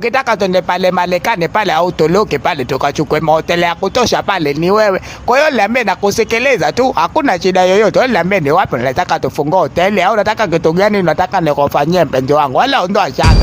Ukitaka tuende pale Marekani pale au Uturuki pale tukachukue mahoteli ya kutosha pale ni wewe. Kwa hiyo niambie na kusikiliza tu, hakuna shida yoyote. Wewe niambie ni wapi unataka tufungue hoteli au unataka kitu gani unataka nikufanyie mpenzi wangu. Wala ondoa shaka.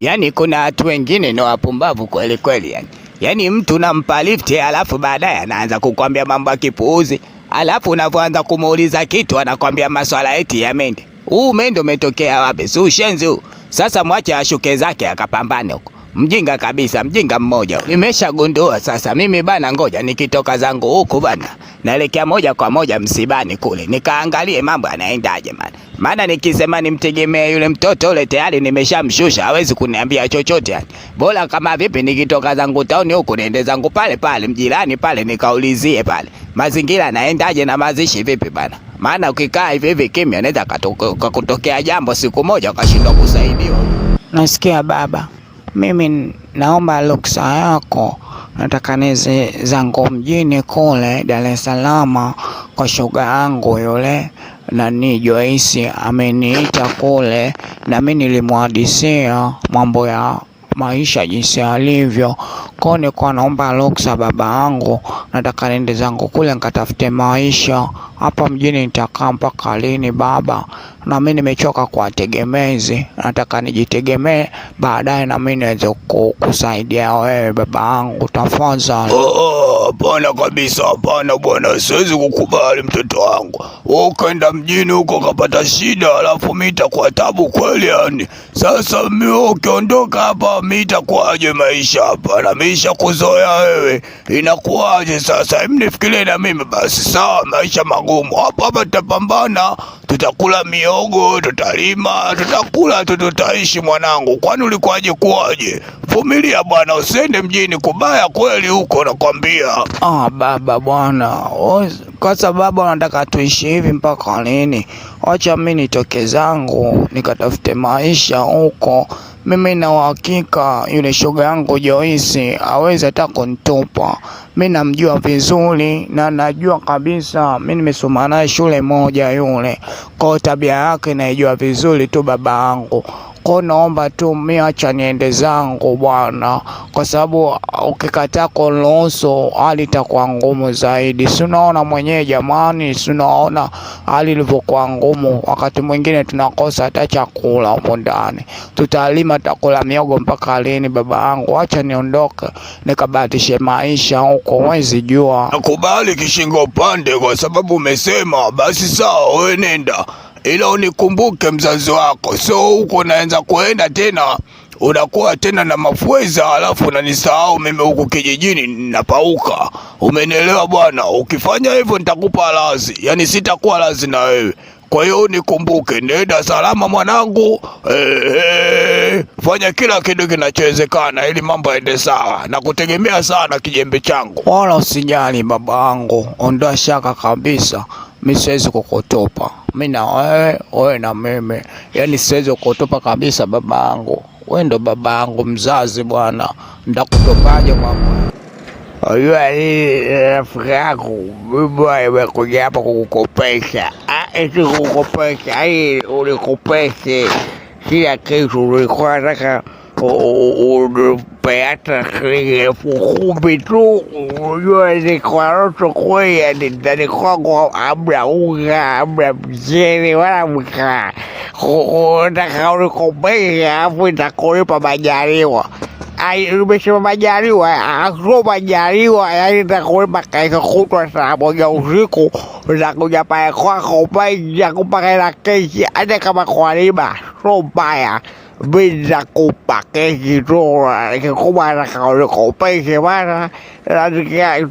Yaani kuna watu wengine ni wapumbavu kweli kweli yani. Yaani mtu unampa lifti alafu baadaye anaanza kukwambia mambo ya kipuuzi alafu unavyoanza kumuuliza kitu anakwambia maswala eti ya mende. Huu mende umetokea wapi? Si ushenzi huu? Sasa mwache ashuke zake akapambane huko. Mjinga kabisa, mjinga mmoja. Nimeshagundua sasa mimi bana, ngoja nikitoka zangu huku bana, naelekea moja kwa moja msibani kule, nikaangalie mambo yanaendaje bana, Maana nikisema nimtegemee yule mtoto ule tayari nimeshamshusha, hawezi kuniambia chochote yani. Bora kama vipi nikitoka zangu tauni huku niende zangu pale pale mjirani pale nikaulizie pale. Mazingira yanaendaje na mazishi vipi bana? Maana ukikaa hivi hivi kimya, naweza kakutokea jambo siku moja ukashindwa kusaidiwa. Nasikia baba mimi naomba ruksa yako, nataka nize zangu mjini kule Dar es Salaam kwa shoga yangu yule nani Joyce ameniita kule, na mimi nilimwadisia mambo ya maisha jinsi alivyo Kwao nilikuwa naomba ruksa baba yangu, nataka niende zangu kule nikatafute maisha. Hapa mjini nitakaa mpaka lini baba? Na mimi nimechoka kwa tegemezi, nataka nijitegemee baadaye, na mimi niweze kukusaidia wewe baba yangu, tafadhali. Oh, oh, hapana kabisa, hapana bwana, siwezi kukubali mtoto wangu. Wewe ukaenda mjini huko ukapata shida, alafu mimi itakuwa tabu kweli. Yani sasa mimi ukiondoka hapa, mimi itakuwaje maisha hapa na nimesha kuzoea wewe, inakuwaje sasa? Hebu nifikirie na mimi basi. Sawa, maisha magumu hapo hapa, tutapambana, tutakula miogo, tutalima, tutakula tu, tutaishi mwanangu. Kwani ulikuwaje kuwaje? Vumilia bwana, usiende mjini kubaya kweli huko, nakwambia. Ah, baba bwana kwa sababu wanataka tuishi hivi mpaka lini? Wacha mi nitoke zangu nikatafute maisha huko. Mimi na uhakika yule shoga yangu Joyce awezi hata kunitupa. Mi namjua vizuri na najua kabisa, mi nimesoma naye shule moja yule, kwa tabia yake naijua vizuri tu baba yangu. Kwa naomba tu mimi, acha niende zangu bwana, kwa sababu ukikataa kuniruhusu hali itakuwa ngumu zaidi, si unaona mwenyewe jamani, si unaona hali ilivyokuwa ngumu. Wakati mwingine tunakosa hata chakula huko ndani, tutalima takula miogo mpaka lini? Baba yangu, acha niondoke nikabahatishe maisha huko, mwezi jua. Nakubali kishingo upande, kwa sababu umesema basi. Sawa, wewe nenda ila unikumbuke mzazi wako, so huko naenza kuenda tena, unakuwa tena na mafweza, alafu unanisahau mimi huku kijijini, napauka. Umenielewa bwana? Ukifanya hivyo nitakupa lazi, yani sitakuwa lazi na wewe. Kwa hiyo unikumbuke, nenda salama mwanangu. Hey, fanya kila kitu kinachowezekana ili mambo yaende sawa. Nakutegemea sana kijembe changu. Wala usijali babangu, ondoa shaka kabisa mi siwezi kukutupa mi na wewe, wewe na mimi, yani siwezi kukutupa kabisa. Babangu wewe ndo yangu mzazi bwana, ndakutupaje mama? Unajua hii eh, rafiki yako bwana imekuja hapa kukukopesha, ah, eti kukukopesha hii, ulikopeshe kila kitu, ulikuwa nataka perché fu subito io di quarto qui e di di qua abbra uga abbra piede va uga da cavolo con me a fu da cuore per mangiare io ai invece per mangiare io a solo mangiare io ai da cuore ma che con tutto sarà voglio ricco la cosa per qua con me la cosa che la che si ha da cavolo qua lì ma roba Villa Copa, que quitó, que Cuba la Copa y se van a la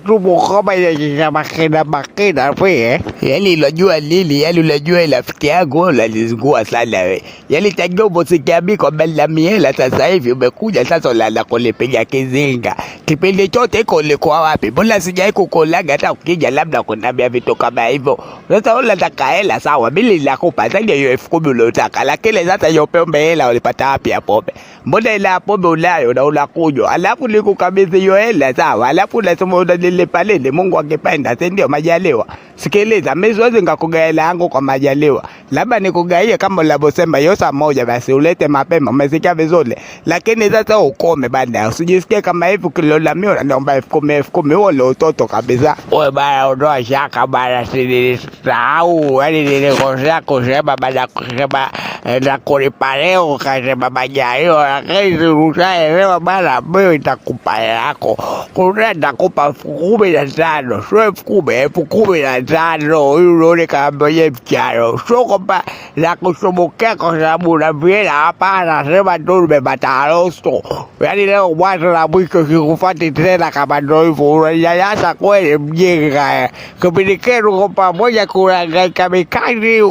tuvo Copa y se makina makina we. Yaani ilojua lili, yaani unajua rafiki yangu wewe unalizingua sana we. Yaani tangia umesikiambi kwa bela miela sasa hivi umekuja sasa ulala kulipiga kizinga. Kipindi chote iko ulikuwa wapi? Mbona sijai kukulaga hata ukija labda kunambia vitu kama hivyo. Sasa wewe unataka hela sawa, mimi ninakupa zaidi ya elfu kumi uliotaka, lakini sasa hiyo pombe hela ulipata watapi ya pombe, mbona hela ya pombe unayo na unakunywa, alafu nikukabidhi hiyo hela sawa, alafu unasema unanilipa lini? Mungu akipenda, si ndio? Majaliwa. Sikiliza, mimi siwezi ngakugaia hela yangu kwa majaliwa, labda nikugaie kama ulivyosema hiyo saa moja, basi ulete mapema, umesikia vizuri. Lakini sasa ukome bana, usijisikie kama hivi kilolami naomba elfu kumi elfu kumi, huo ndio utoto kabisa. Wewe bana, utoa shaka bana, sinisahau yani nilikosea kusema bana kusema na eh, kulipaleo kasema Majaliwa, lakini ushaelewa bana, mimi nitakupa yako kuna nitakupa elfu kumi na tano sio elfu kumi elfu kumi na tano huyu unaone kaambaye mchano sio kwamba nakusumbukia kwa sababu naviela hapana, sema tu nimepata harosto, yaani leo mwanzo na mwisho sikufati tena. Kama ndo hivyo unanyanyasa kweli mjinga. Eh. Kipindi kenu kwa pamoja kuangaika mikazi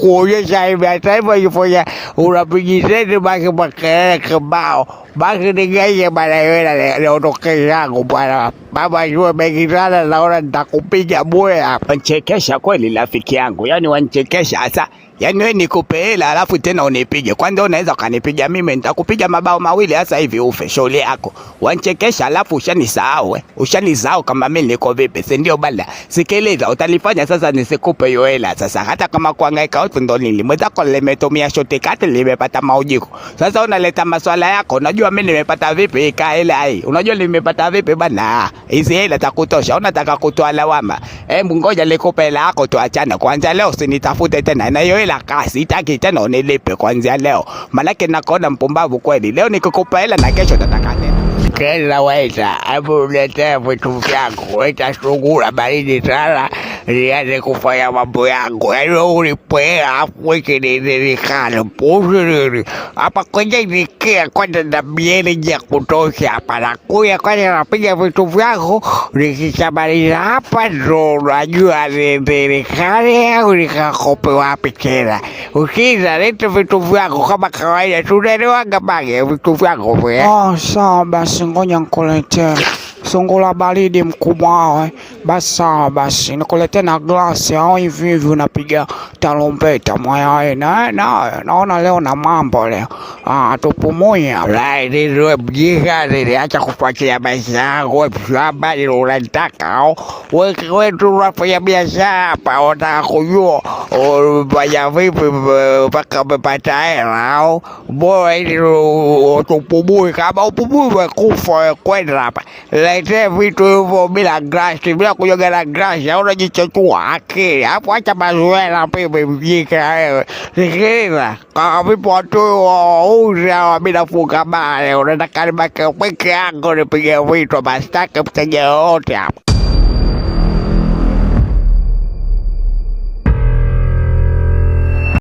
kuonyesha hivi kimataifa ikifanya unapigizeni baki makelele kibao baki nigaie bana, niondoke zangu bwana. Mama ajue mengi sana, naona nitakupiga bwea. Wanchekesha kweli rafiki yangu, yani wanchekesha hasa Yaani wewe nikupe hela alafu tena unipige. Kwanza unaweza kanipiga mimi nitakupiga mabao mawili hasa hivi ufe shughuli yako. Wanchekesha alafu ushanisahau eh. Ushanisahau kama mimi niko vipi, si ndio bala? Sikiliza, utalifanya sasa nisikupe hiyo hela sasa hata kama kuangaika watu ndo nili. Mwenzako limetumia shoti kati limepata maujiko. Sasa unaleta maswala yako. Unajua mimi nimepata vipi hii hela hii? Unajua nimepata vipi bana? Hizi hela takutosha. Unataka kutoa lawama. Hebu ngoja nikupe hela yako tuachane. Kwanza leo usinitafute tena. Na hiyo hela kasi, itaki tena kuanzia leo, manake nakona mpumbavu kweli. Leo nikikupa hela na kesho tataka kila weza hapo, uletea vitu vyangu, waita itasungula baridi sana, nianze kufanya mambo yangu. Yaani ulipea afu ikinidhirikana pusiriri hapa kwenye nikia kwanza na mieliji ya kutosha hapa, nakuya kwenye napiga vitu vyako, nikishamaliza hapa ndo unajua nidhirikane au nikakope wapi tena. Ukiza leta vitu vyangu kama kawaida, tunelewaga bage vitu vyangu. vya ah, sawa basi. Ngoja nikuletee sungura baridi mkubwa awe. Eh. Basi basi nikulete na glasi au hivi hivi, unapiga tarumbeta mwaya na eh. na naona leo na mambo leo, ah, tupumuya acha kufuatilia maisha yangu abali unataka au wewe tunafanya biashara hapa, unataka kujua fanya vipi eh, mpaka umepata hela au bora ili tupumui, kama upumui wekufa wekwenda hapa uniletee vitu hivyo bila grashi, bila kujoga na grashi, au unajichochua akili hapo. Acha mazoea pipi mjika wewe. Sikiliza kaka, vipo watu wauza bila bale unataka nibaki peke yangu nipige vitu? Basi sitaki mteja yoyote hapa.